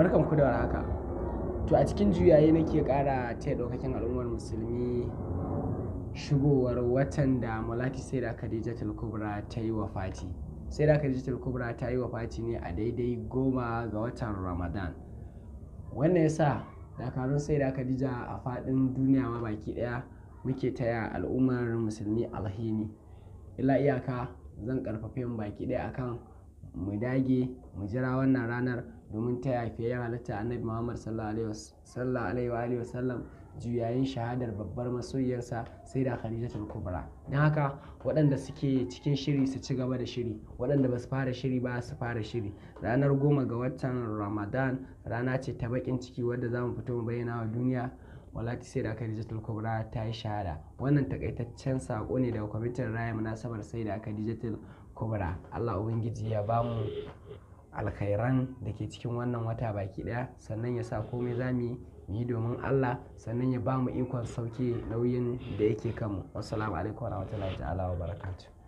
barkan ku da haka to a cikin juyaye nake kara taya ɗaukakin al'ummar musulmi shigowar watan da mulaki sai da khadija kubra ta yi wa sai da khadija kubra ta yi wafati ne a daidai goma ga watan ramadan wannan yasa dakarun sai da khadija a faɗin duniya ma baki ɗaya muke taya al'ummar musulmi alhini ila iyaka zan karfafe mu baki ɗaya akan mu dage mu jira wannan ranar domin ta yafe ya halatta annabi muhammad sallallahu alaihi wa sallam juyayin shahadar babbar masoyiyarsa sai da khadijatul kubra don haka waɗanda suke cikin shiri su ci gaba da shiri waɗanda ba su fara shiri ba su fara shiri ranar goma ga watan ramadan rana ce ta bakin ciki wadda za mu fito mu bayyana wa duniya walati sai da aka digital kubra ta yi shahada wannan takaitaccen sako ne daga kwamitin raya munasabar sai da aka digital kubra allah ubangiji ya bamu alkhairan da ke cikin wannan wata baki daya sannan ya sa komai za mu yi domin allah sannan ya ba mu ikon sauke nauyin da yake kanmu wasu alaikum wa rahmatullahi ta'ala wa barakatuh